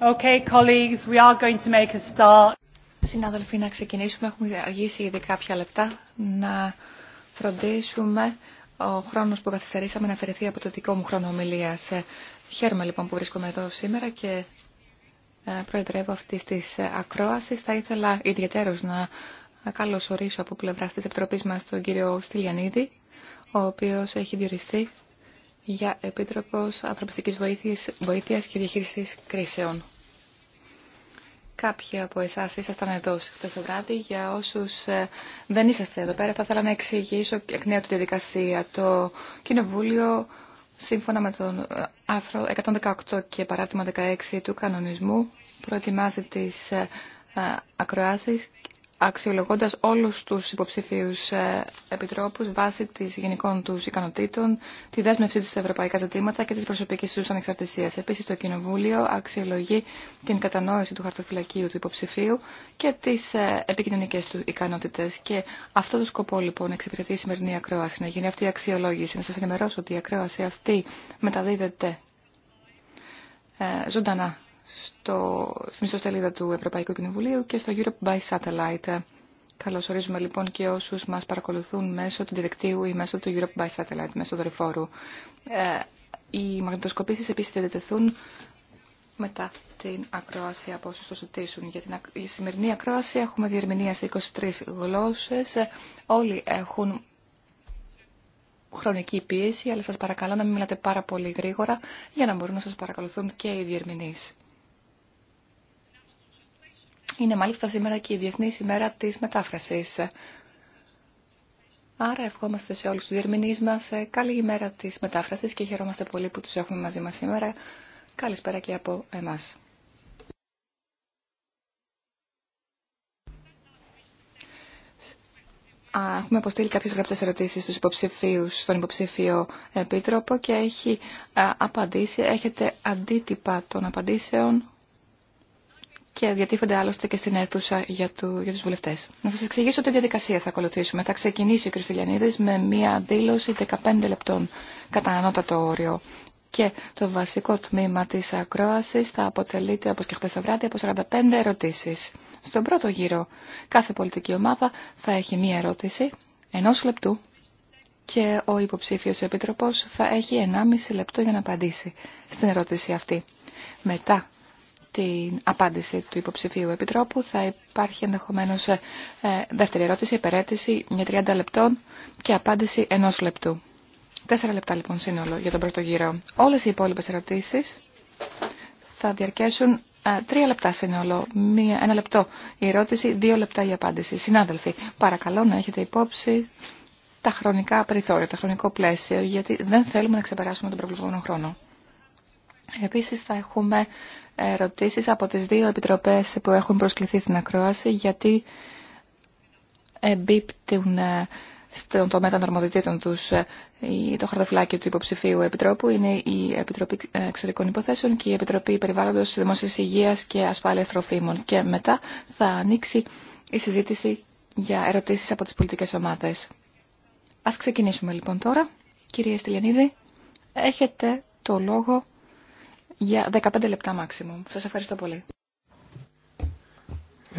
Okay, Συνάδελφοι, να ξεκινήσουμε. Έχουμε αργήσει ήδη κάποια λεπτά να φροντίσουμε ο χρόνο που καθυστερήσαμε να αφαιρεθεί από το δικό μου χρόνο ομιλία. Ε, χαίρομαι λοιπόν που βρίσκομαι εδώ σήμερα και ε, προεδρεύω αυτή τη ε, ακρόαση. Θα ήθελα ιδιαίτερω να καλωσορίσω από πλευρά τη Επιτροπή μα τον κύριο Στυλιανίδη, ο οποίο έχει διοριστεί για Επίτροπος Ανθρωπιστικής Βοήθειας και Διαχείρισης Κρίσεων. Κάποιοι από εσάς ήσασταν εδώ χθε το βράδυ. Για όσου ε, δεν είσαστε εδώ πέρα, θα ήθελα να εξηγήσω εκ νέου τη διαδικασία. Το Κοινοβούλιο, σύμφωνα με τον ε, άρθρο 118 και παράρτημα 16 του κανονισμού, προετοιμάζει τι ε, ακροάσεις αξιολογώντας όλους τους υποψηφίους ε, επιτρόπους βάσει της γενικών τους ικανοτήτων, τη δέσμευσή τους σε ευρωπαϊκά ζητήματα και της προσωπικής τους ανεξαρτησίας. Επίσης, το Κοινοβούλιο αξιολογεί την κατανόηση του χαρτοφυλακίου του υποψηφίου και τις ε, επικοινωνικές του ικανότητες. Και αυτό το σκοπό λοιπόν εξυπηρετεί η σημερινή ακρόαση, να γίνει αυτή η αξιολόγηση. Να σας ενημερώσω ότι η ακρόαση αυτή μεταδίδεται ε, ζωντανά στο, στην ιστοσελίδα του Ευρωπαϊκού Κοινοβουλίου και στο Europe by Satellite. Καλώς ορίζουμε λοιπόν και όσους μας παρακολουθούν μέσω του διαδικτύου ή μέσω του Europe by Satellite, μέσω δορυφόρου. Ε, οι μαγνητοσκοπήσεις επίσης θα διατεθούν μετά την ακρόαση από όσους το ζητήσουν. Για την σημερινή ακρόαση έχουμε διερμηνία σε 23 γλώσσες. Όλοι έχουν χρονική πίεση, αλλά σας παρακαλώ να μην μιλάτε πάρα πολύ γρήγορα για να μπορούν να σας παρακολουθούν και οι διερμηνείς. Είναι μάλιστα σήμερα και η Διεθνή ημέρα της μετάφρασης. Άρα ευχόμαστε σε όλους του διερμηνείς μας ε, καλή ημέρα της μετάφρασης και χαιρόμαστε πολύ που τους έχουμε μαζί μας σήμερα. Καλησπέρα και από εμάς. Έχουμε αποστείλει κάποιες γραπτές ερωτήσεις στους υποψηφίους, στον υποψηφίο επίτροπο και έχει απαντήσει. Έχετε αντίτυπα των απαντήσεων και διατίθενται άλλωστε και στην αίθουσα για, του, για τους βουλευτές. Να σας εξηγήσω τη διαδικασία θα ακολουθήσουμε. Θα ξεκινήσει ο Κριστιλιανίδης με μία δήλωση 15 λεπτών κατά ανώτατο όριο. Και το βασικό τμήμα της ακρόασης θα αποτελείται, όπως και χθες το βράδυ, από 45 ερωτήσεις. Στον πρώτο γύρο κάθε πολιτική ομάδα θα έχει μία ερώτηση ενός λεπτού και ο υποψήφιος επίτροπος θα έχει 1,5 λεπτό για να απαντήσει στην ερώτηση αυτή. Μετά την απάντηση του υποψηφίου επιτρόπου. Θα υπάρχει ενδεχομένω ε, δεύτερη ερώτηση, υπερέτηση για 30 λεπτών και απάντηση ενό λεπτού. Τέσσερα λεπτά λοιπόν σύνολο για τον πρώτο γύρο. Όλε οι υπόλοιπε ερωτήσει θα διαρκέσουν ε, τρία λεπτά σύνολο. Μία, ένα λεπτό η ερώτηση, δύο λεπτά η απάντηση. Συνάδελφοι, παρακαλώ να έχετε υπόψη τα χρονικά περιθώρια, το χρονικό πλαίσιο, γιατί δεν θέλουμε να ξεπεράσουμε τον προβλεπόμενο χρόνο. Επίσης θα έχουμε ερωτήσεις από τις δύο επιτροπές που έχουν προσκληθεί στην ακρόαση γιατί εμπίπτουν ε, στον τομέα των αρμοδιτήτων τους ε, το χαρτοφυλάκι του υποψηφίου επιτρόπου είναι η Επιτροπή ε, Εξωτερικών Υποθέσεων και η Επιτροπή Περιβάλλοντος Δημοσίας Υγείας και Ασφάλειας Τροφίμων και μετά θα ανοίξει η συζήτηση για ερωτήσεις από τις πολιτικές ομάδες. Ας ξεκινήσουμε λοιπόν τώρα. Κυρία Στυλιανίδη, έχετε το λόγο για 15 λεπτά maximum. Σας ευχαριστώ πολύ.